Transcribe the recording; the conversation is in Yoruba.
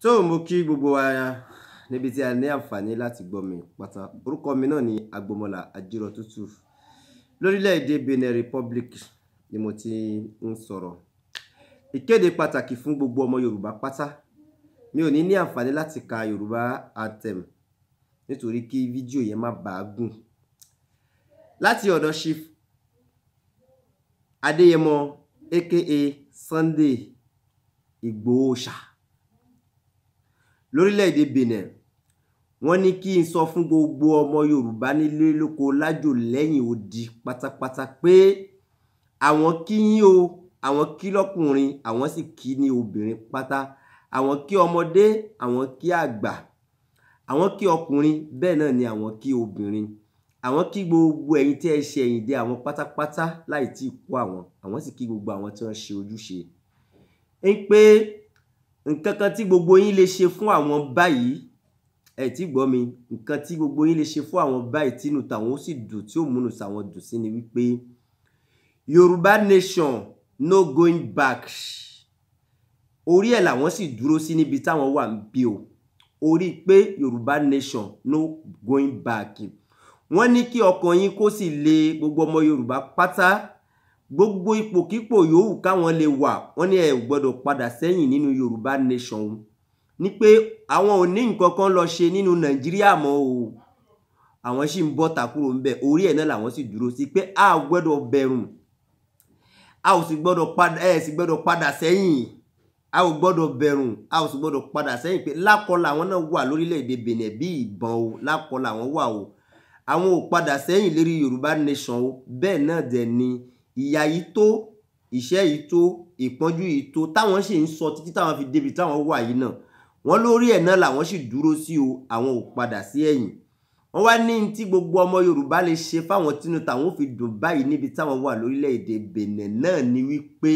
tó mo kí gbogbo wa níbi tí a ní àǹfààní láti gbọ́ mi pátá orúkọ mi náà ni agbọmọlà ajírọ tútù lórílẹ̀‐èdè Benin Republic ni mo ti ń sọ̀rọ̀ ìkéde pàtàkì fún gbogbo ọmọ Yorùbá pátá mi ò ní ní àǹfààní láti ka Yorùbá anthem nítorí kí fídíò yẹn má bàa gùn láti ọ̀dọ̀ Chief Adéyẹmọ aka Sunday Ìgbòho lórílẹ̀‐èdè benin wọ́n ní kí n sọ fún gbogbo ọmọ yorùbá nílé lóko lájò lẹ́yìn odi pátápátá pé àwọn kí yín o àwọn kí lọ́kùnrin àwọn sì kí ní obìnrin pátá àwọn kí ọmọdé àwọn kí àgbà àwọn kí ọkùnrin bẹ́ẹ̀ náà ni àwọn kí obìnrin àwọn kí gbogbo ẹ̀yin tí ẹ ṣe ẹ̀yìn dé àwọn pátápátá láì tí ì àwọn àwọn sì kí gbogbo àwọn tí wọ́n ṣe ojúṣe ń pé nǹkan kan tí gbogbo yín lè ṣe fún àwọn báyìí ẹ ti gbọ́ mi nǹkan tí gbogbo yín lè ṣe fún àwọn báyìí tínú tàwọn ó sì dùn tí ó múnú sàwọn dùn sí ni wípé Yorùbá nation no going back orí ẹ̀ làwọn sì dúró sí níbi táwọn wà ń bí o orí pé Yorùbá nation no going back wọ́n ní kí ọkàn yín kó sì le gbogbo ọmọ Yorùbá pátá gbogbo ipòkípò yòówù káwọn lè wà wọ́n ní ẹ gbọ́dọ̀ padà sẹ́yìn nínú yorùbá nation o ní pé àwọn ò ní nǹkan kan lọ ṣe nínú nàìjíríà mọ́ o àwọn sì ń bọ́ takúrò ńbẹ orí ẹ̀ náà làwọn sì dúró sí pé a gbọ́dọ̀ bẹ̀rùn a ò sì gbọ́dọ̀ padà ẹ sì gbọ́dọ̀ padà sẹ́yìn a ò gbọ́dọ̀ bẹ̀rùn a ò sì gbọ́dọ̀ padà sẹ́yìn pé lákọ làwọn náà wà lórílẹ̀‐èdè Benin bí ìbọn o lákọ làwọn wà o àwọn ò padà sẹ́yìn lérí Yorùbá nation o bẹ́ẹ̀ náà dẹ̀ ni ìyà yìí tó ìṣẹ́ yìí tó ìpọ́njú yìí tó táwọn sì ń sọ títí táwọn fi débi táwọn wà yìí náà wọ́n lórí ẹ̀ náà làwọn sì dúró sí o àwọn ò padà sí ẹ̀yìn wọ́n wá ní tí gbogbo ọmọ Yorùbá lè ṣe fáwọn tínú táwọn ò fi dùn báyìí níbi táwọn wà lórílẹ̀‐èdè Benin náà ni wípé